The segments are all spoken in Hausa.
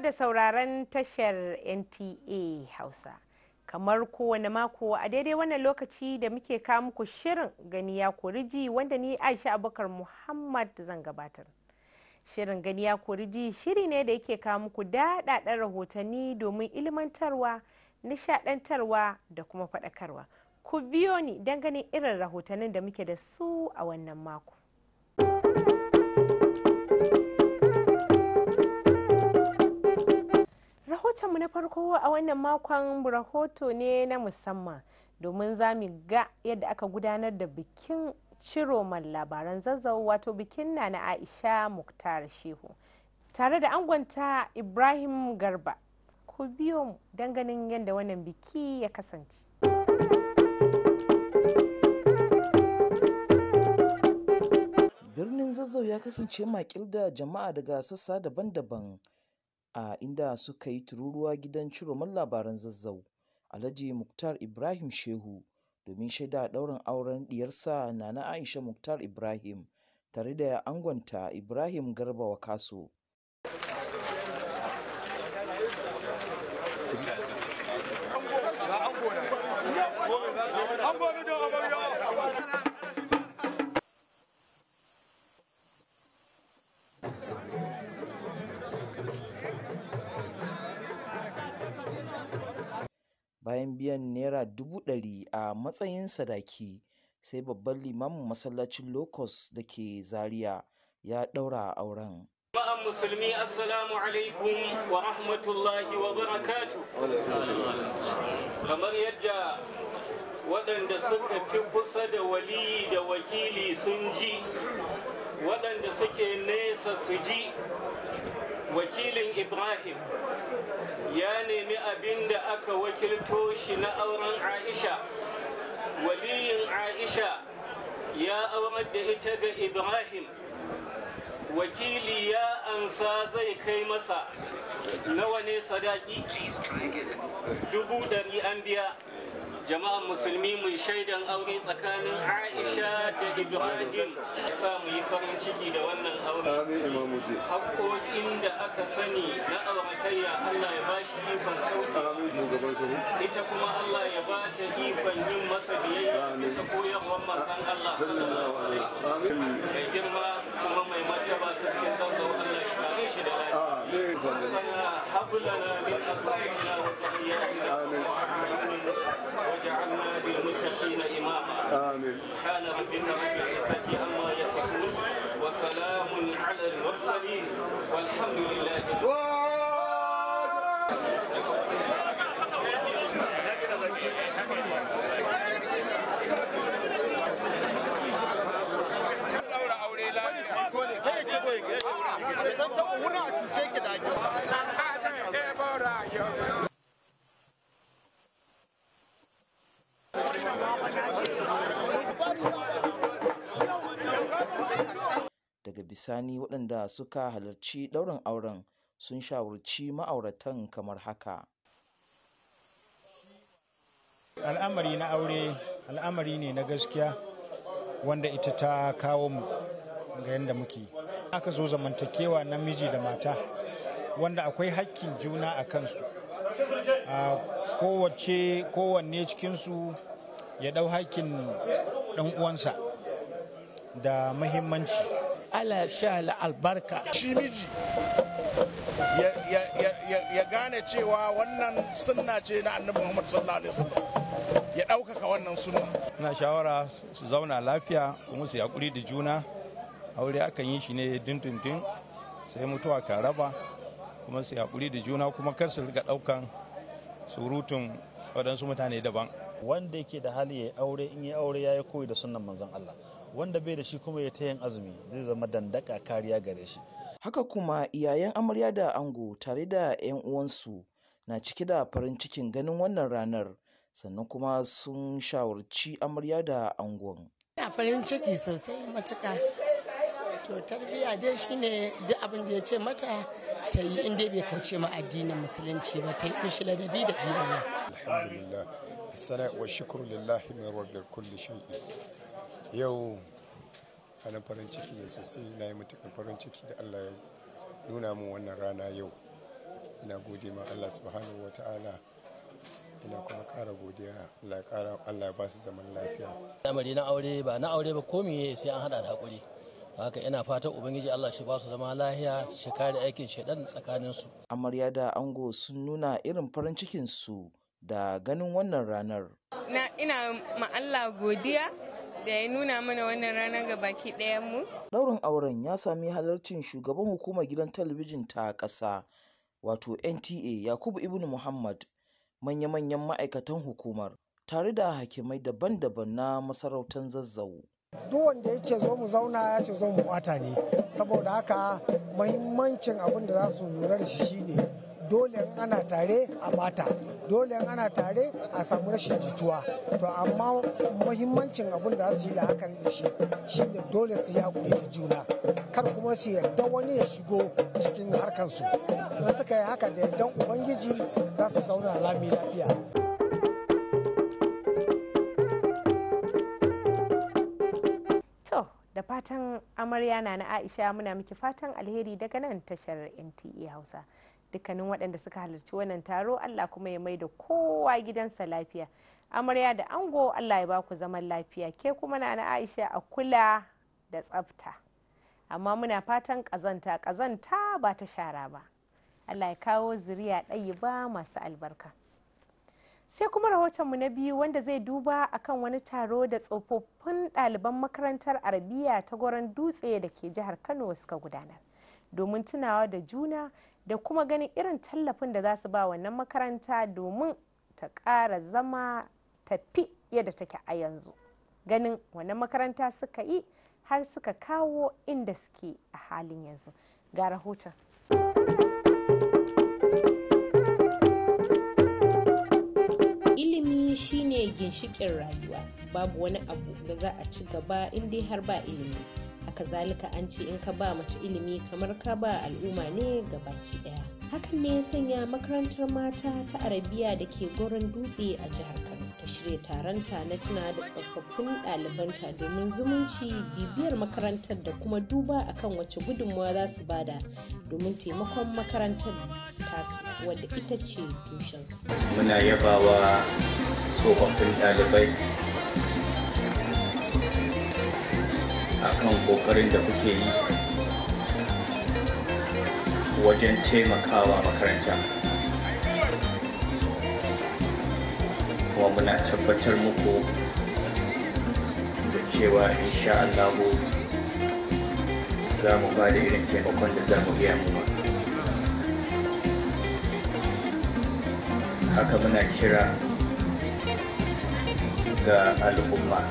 da sauraron tashar NTA Hausa. Kamar kowane mako a daidai wannan lokaci da muke kawo muku shirin gani ya koriji wanda ni Aisha Abubakar Muhammad zan gabatar. Shirin gani ya koriji shiri ne da yake kawo muku daɗaɗɗen rahotanni domin ilmantarwa, nishaɗantarwa da kuma faɗakarwa. Ku biyo ni don ganin irin rahotannin da muke da su a wannan mako. na farko a wannan makon rahoto ne na musamman domin za mu ga yadda aka gudanar da bikin ciroman labaran zazzau wato bikin na na aisha muktar shehu tare da angonta ibrahim garba ku biyo ganin yadda wannan biki ya kasance birnin zazzau ya kasance makil da jama'a daga sassa daban-daban a inda suka yi tururuwa gidan Ciroman Labaran Zazzau, Alhaji Muktar Ibrahim Shehu, domin shaida ɗaurin auren ɗiyarsa na Aisha Muktar Ibrahim tare da angonta Ibrahim Garba kaso bayan biyan naira dubu ɗari a matsayin sadaki, sai babban limamin masallacin Locust da ke Zaria ya ɗaura auren. Jama'an musulmi assalamu alaikum wa rahmatullahi wa barakatu. Kamar yadda waɗanda suka fi kusa da waliyi da wakili sun ji, waɗanda suke nesa su ji, wakilin ibrahim ya nemi abin da aka wakilto shi na auren aisha waliyin aisha ya aurar da ita ga ibrahim wakili ya ansa zai kai masa nawa ne sadaki dubu ɗari an biya jama'an musulmi mu shaidan aure tsakanin aisha da ibrahim ya sa mu yi farin ciki da wannan aure haƙoƙin da aka sani na auratayya allah ya bashi ikon sauki ita kuma allah ya ba ta ikon yin masa biyayya bisa koyarwar masan allah sallallahu alaihi mai girma kuma mai martaba sarkin zazzau allah shi kare shi da lafiya حبلنا من أخطائنا وتحياتنا آمين وجعلنا للمتقين إماما آمين سبحان ربك رب العزة عما يصفون وسلام على المرسلين والحمد لله Thank you. a daga bisani waɗanda suka halarci ɗaurin auren sun shawarci ma'auratan kamar haka al'amari na aure al'amari ne na gaskiya wanda ita ta kawo mu ga yadda muke aka zo zamantakewa namiji da mata wanda akwai hakkin juna a kansu a kowace kowanne cikinsu ya ɗau hakkin ɗan uwansa da mahimmanci ala sha la albarka shi miji ya gane cewa wannan sunna ce na annabi muhammad sallallahu alaihi wasallam ya ɗaukaka wannan sunna na shawara su zauna lafiya kuma su yaƙuri da juna aure akan yi shi ne dindindin sai mutuwa ka raba kuma su haƙuri da juna kuma kar su riga ɗaukan surutun waɗansu mutane daban wanda yake da hali ya aure in ya aure ya yi koyi da sunan manzon Allah wanda bai da shi kuma ya ta yin azumi zai zama dandaka kariya gare shi haka kuma iyayen amarya da ango tare da 'yan uwansu na cike da farin cikin ganin wannan ranar sannan kuma sun shawarci amarya da angon ina farin ciki sosai matuka to tarbiyya dai shine duk abin da ya ce mata ta yi inda bai kauce ma addinin musulunci ba ta yi da ladabi da biyayya alhamdulillah assala wa shukru lillahi min rabbil kulli shay'in yau ana farin ciki ne sosai na yi matuƙar farin ciki da Allah ya nuna mu wannan rana yau ina gode ma Allah subhanahu wa ina kuma ƙara godiya Allah ya kara Allah ya ba su zaman lafiya lamari na aure ba na aure ba komai sai an hada da hakuri haka ina fatan ubangiji Allah shi ba su zama lahiya shi kare aikin shaidan tsakanin su amarya da ango sun nuna irin farin cikin su da ganin wannan ranar na ina ma Allah godiya da ya nuna mana wannan ranar ga baki ɗayan mu daurin auren ya sami halarcin shugaban hukumar gidan talabijin ta ƙasa wato NTA Yakubu Ibn Muhammad manya-manyan ma'aikatan hukumar tare da hakimai daban-daban na masarautar zazzau duk wanda yake zo mu zauna ya ce zo mu bata ne saboda haka mahimmancin abin da za su lura da shi shine dole ana tare a bata dole ana tare a samu rashin jituwa to amma mahimmancin abin da za su yi la'akari da shi shine dole su yi da juna kar kuma su yarda wani ya shigo cikin harkarsu don suka yi haka da yardan ubangiji za su zauna lami lafiya fatan amarya na na aisha muna miki fatan alheri daga nan tashar nta hausa dukkanin waɗanda suka halarci wannan taro allah kuma ya mai da kowa gidansa lafiya amarya da ango allah ya baku zaman lafiya ke kuma na na aisha a kula da tsafta amma muna fatan kazanta kazanta ba ta shara ba allah ya kawo zuriya ɗayi ba masu albarka sai kuma rahotonmu na biyu wanda zai duba akan wani taro da tsofaffin ɗaliban makarantar arabiya ta goron dutse da ke jihar kano suka gudanar domin tunawa da juna da kuma ganin irin tallafin da za su ba wannan makaranta domin ta ƙara zama tafi yadda take a yanzu ganin wannan makaranta suka yi har suka kawo inda suke a halin yanzu ga rahoton ginshikin rayuwa babu wani abu da za a ci gaba in dai har ba ilimi haka zalika an ce in ka ba mace ilimi kamar ka ba al'umma ne ga baki daya hakan ne ya sanya makarantar mata ta arabiya da ke goron dutse a jihar kano ta shirya taronta na tuna da tsofaffin ɗalibanta domin zumunci bibiyar makarantar da kuma duba akan wace gudunmawa za su bada domin taimakon makarantar tasu wadda ita ce tushensu muna tsofaffin ɗalibai akan ƙoƙarin da kuke yi wajen taimakawa makaranta kuma muna tabbatar muku da cewa insha Allahu za mu ba da irin taimakon da za mu iya muku haka muna kira ga al'umma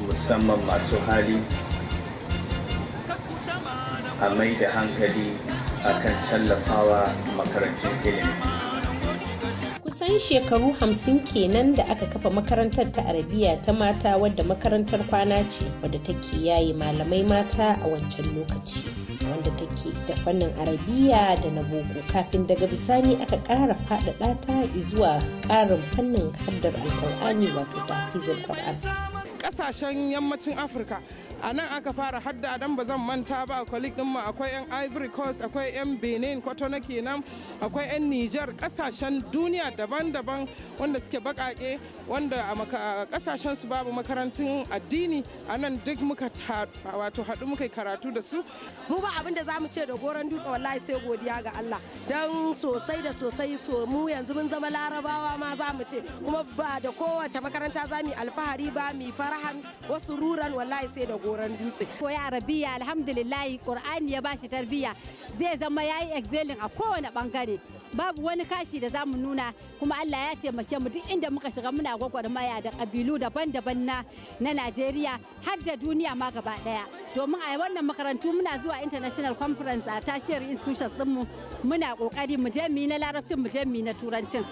musamman masu hali a mai da hankali a kan tallafawa makarantar ilimi kusan shekaru hamsin kenan da aka kafa makarantar ta arabiya ta mata wadda makarantar kwana ce wadda take yaye malamai mata a wancan lokaci wanda take da fannin arabiya da na boko kafin daga bisani aka kara fadada ta zuwa karin fannin haddar alkur'ani wato tafizin qur'an kasashen yammacin afirka a nan aka fara hadda dan ba zan manta ba kwalik din mu akwai yan ivory coast akwai yan benin na kenan akwai yan niger kasashen duniya daban-daban wanda suke bakake wanda a kasashen su babu makarantun addini a nan duk muka wato haɗu muka karatu da su mu ba abin da za mu ce da goron dutse wallahi sai godiya ga Allah dan sosai da sosai so mu yanzu mun zama larabawa ma za mu ce kuma ba da kowace makaranta za mu alfahari ba mu fara farahan wasu ruran wallahi sai da goran dutse ko ya arabiya alhamdulillah qur'ani ya bashi tarbiya zai zama yayi excelling a kowane bangare babu wani kashi da zamu nuna kuma Allah ya taimake mu duk inda muka shiga muna gwagwarmaya da kabilu daban-daban na na Najeriya har da duniya ma gaba daya domin a wannan makarantu muna zuwa international conference a tashiyar institutions dinmu muna kokari mu je mu na larabcin mu je mu na turancin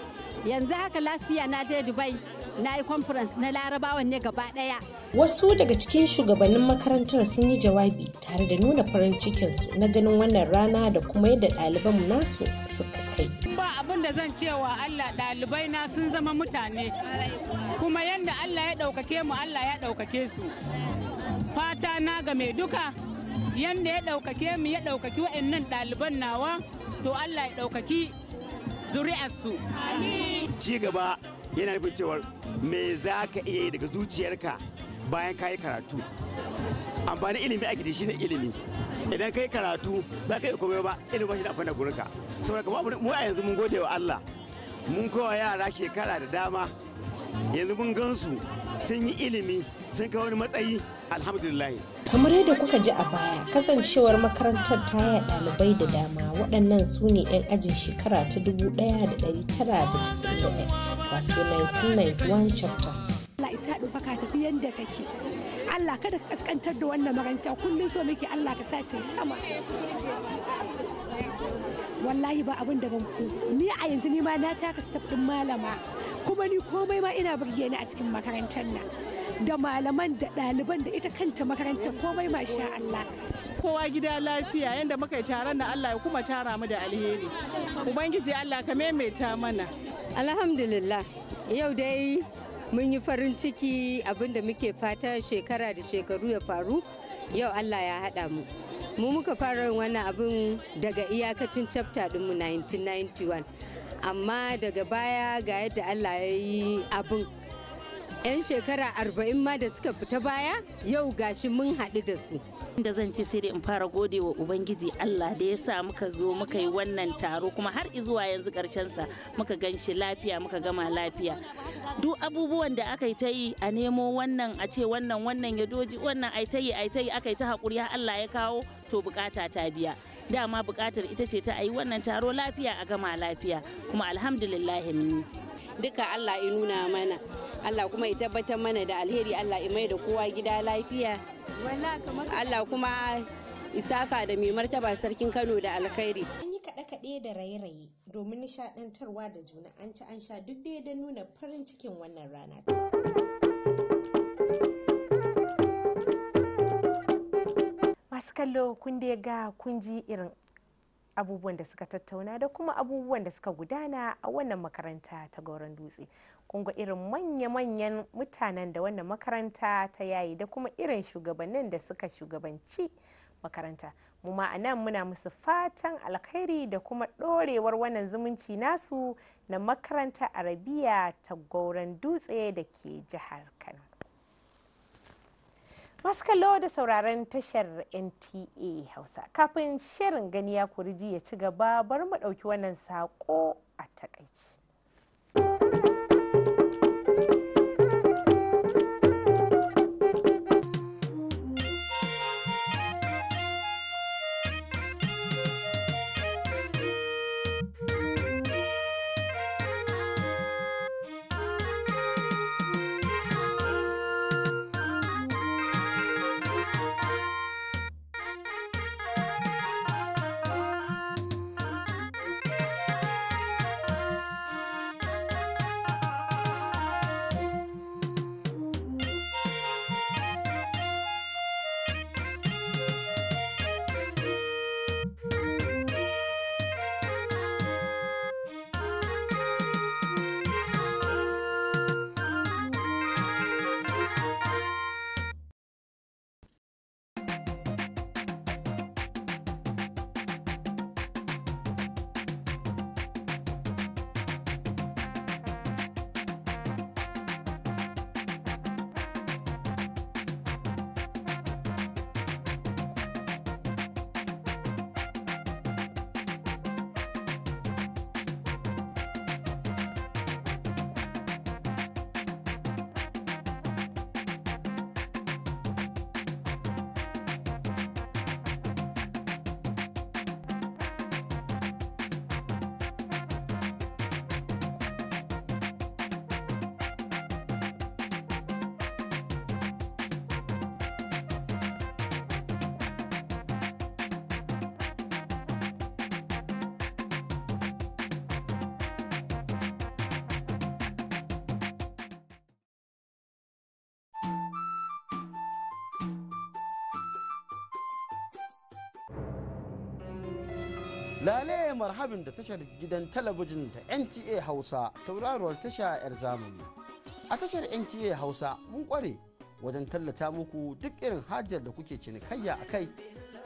yanzu haka lasiya na je Dubai na yi conference na larabawan ne gaba ɗaya. Wasu daga cikin shugabannin makarantar sun yi jawabi tare da nuna farin cikinsu na ganin wannan rana da kuma yadda ɗaliban nasu suka kai. Ba abin da zan cewa Allah ɗalibai na sun zama mutane kuma yadda Allah ya ɗaukake mu Allah ya ɗaukake su. Fata na ga mai duka yadda ya ɗaukake mu ya ɗaukaki wa'annan ɗaliban nawa to Allah ya ɗaukaki zuri'arsu. Ci gaba yana nufin cewar me za ka iya yi daga zuciyarka bayan ka yi karatu amfanin ilimi a gidi shi ne ilimi idan ka yi karatu za ka yi komai ba ilimi ba shi da amfani da gurinka saboda kuma mu a yanzu mun gode wa Allah mun kowa yara shekara da dama yanzu mun gansu sun yi ilimi sun kai wani matsayi alhamdulillahi kamar yadda kuka ji a baya kasancewar makarantar ta yaya dalibai da dama waɗannan su ne 'yan ajin shekara ta 1991 wato 1991 chapter Allah isa ɗaukaka tafi yadda take Allah kada ka kaskantar da wannan makaranta kullum so muke Allah ka sa ta sama wallahi ba abin da ban ku ni a yanzu ni ma na taka step din malama kuma ni komai ma ina burge ni a cikin makarantar nan da malaman da ɗaliban da ita kanta makaranta komai masha Allah. Kowa gida lafiya yadda muka yi taron na Allah ya kuma tara mu da alheri. Ubangiji Allah ka maimaita mana. Alhamdulillah yau dai mun yi farin ciki abinda muke fata shekara da shekaru ya faru yau Allah ya haɗa mu. Mu muka fara wani abin daga iyakacin chapta ɗinmu 1991 amma daga baya ga yadda Allah ya yi abin 'yan shekara arba'in ma da suka fita baya yau gashi mun haɗu da su inda zan ce sai dai in fara gode wa ubangiji Allah da ya sa muka zo muka yi wannan taro kuma har zuwa yanzu karshen sa muka ganshi shi lafiya muka gama lafiya duk abubuwan da aka yi ta yi a nemo wannan a ce wannan wannan ya doji wannan ai ta yi ai ta yi aka yi ta haƙuri Allah ya kawo to bukata ta biya dama bukatar ita ce ta ayi wannan taro lafiya a gama lafiya kuma alhamdulillah mun duka Allah ya nuna mana Allah kuma ya tabbatar mana da alheri Allah ya mai da kowa gida lafiya Allah kuma isaka da mai martaba sarkin Kano da alkhairi an yi kaɗe-kaɗe da raye-raye domin nishaɗantarwa da juna an ci an sha duk da nuna farin cikin wannan rana masu kallo kun da ga kun ji irin abubuwan da suka tattauna da kuma abubuwan da suka gudana a wannan makaranta ta gauran dutse kunga irin manya-manyan mutanen da wannan makaranta ta yayi da kuma irin shugabannin da suka shugabanci makaranta mu ma a nan muna musu fatan alkhairi da kuma ɗorewar wannan zumunci nasu na makaranta arabiya ta gauran dutse da ke jihar kano masu kallo da sauraron tashar nta hausa kafin shirin gani ya kurji ya ci gaba bar mu ɗauki wannan saƙo a takaici. Lale marhabin da tashar gidan talabijin ta NTA Hausa tauraruwar tasha 'yar zamani. A tashar NTA Hausa mun kware wajen tallata muku duk irin hajjar da kuke cinikayya a kai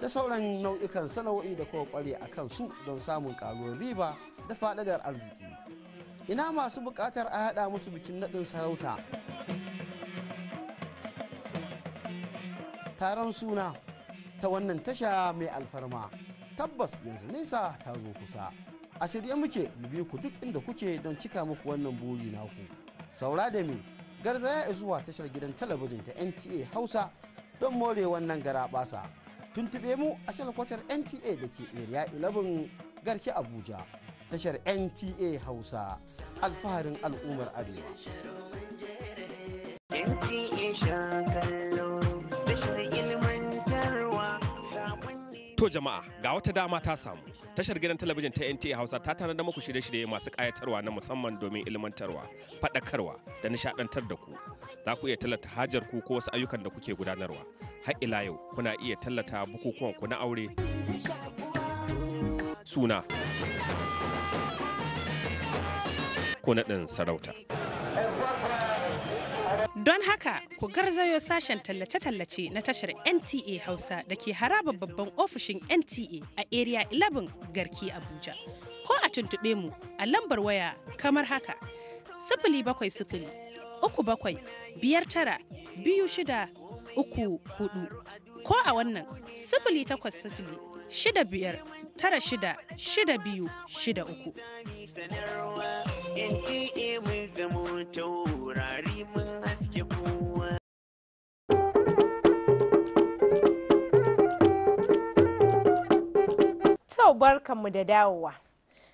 da sauran nau'ikan sana'o'i da kuma kware a kan su don samun karuwar riba da faɗaɗar arziki. Ina masu buƙatar a haɗa musu bikin naɗin sarauta. Taron suna ta wannan tasha mai alfarma. tabbas yanzu nesa ta zo kusa a shirye muke mu bi ku duk inda kuke don cika muku wannan buri naku saura da me garzaya zuwa tashar gidan talabijin ta nta hausa don more wannan gara basa tuntube mu a shalkwatar nta da ke area 11 garki abuja tashar nta hausa alfaharin al'ummar arewa jama'a ga wata dama ta samu. Tashar gidan talabijin ta NTA Hausa ta tanada muku shirye-shirye masu kayatarwa na musamman domin ilmantarwa, faɗakarwa da nishaɗantar da ku. Za ku iya tallata hajar ku ko wasu ayyukan da kuke gudanarwa. Har ila yau kuna iya tallata bukukuwan ku na aure. Suna. Ko naɗin sarauta. Don haka ku garzayo sashen tallace-tallace na tashar NTA Hausa da ke haraba babban ofishin NTA a Area 11 Garki Abuja. Ko a tuntube mu a lambar waya kamar haka. Sifili bakwai sifili, uku bakwai, biyar tara, biyu shida, uku hudu. Ko a wannan sifili takwas sifili, shida biyar, tara shida, shida biyu, shida uku. barkanmu da dawowa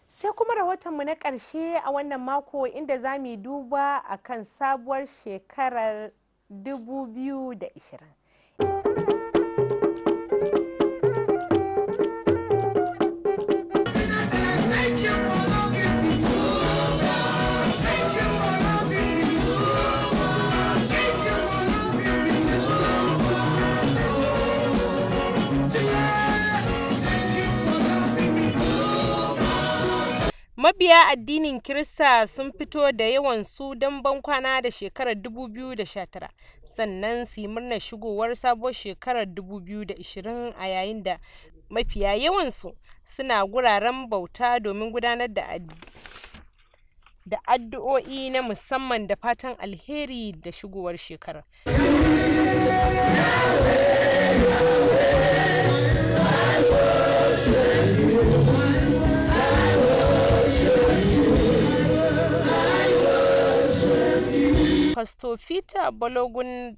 sai kuma rahotonmu na ƙarshe a wannan mako inda za mu duba a kan sabuwar shekarar 2020 Mabiya addinin Kirista sun fito da yawan su don kwana da shekarar 2019 sannan su yi murnar shigowar sabon shekarar 2020 a yayin da mafiya yawansu suna guraren bauta domin gudanar da addu'o'i na musamman da fatan alheri da shigowar shekarar. Fasto Peter Balogun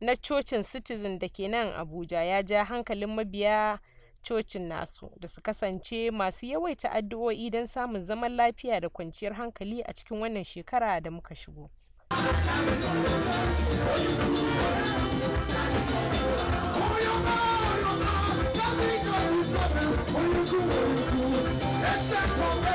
na Cocin Citizen da ke nan Abuja ya ja hankalin mabiya cocin nasu da su kasance masu yawaita addu'o'i don samun zaman lafiya da kwanciyar hankali a cikin wannan shekara da muka shigo. Set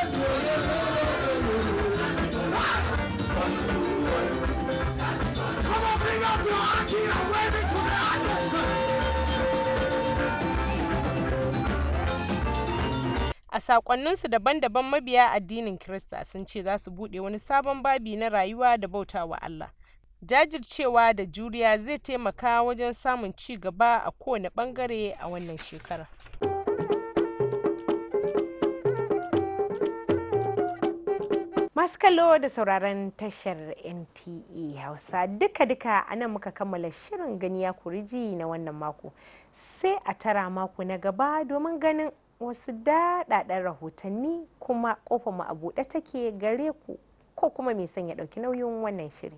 A sakonninsu daban-daban mabiya addinin Kirista sun ce za su buɗe wani sabon babi na rayuwa da bauta wa Allah. Jajircewa da juriya zai taimaka wajen samun ci gaba a kowane ɓangare a wannan shekara. masu kallo da sauraron tashar nta e hausa duka-duka a nan muka kammala shirin gani ganiya kuriji na wannan mako sai a tara mako na gaba domin ganin wasu daɗaɗen rahotanni kuma kofar mu a buɗe take gare ku ko kuma mai son ya ɗauki nauyin wannan shiri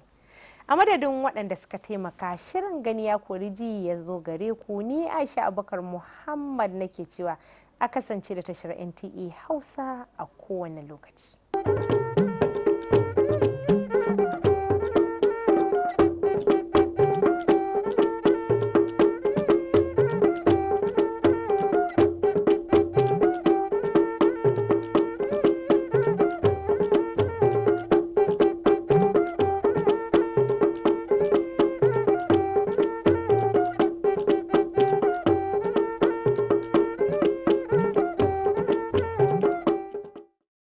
a madadin waɗanda suka taimaka shirin gani ya kori ji ya zo gare ku ni aisha abubakar muhammad nake cewa a kasance da tashar nta e hausa a kowane lokaci.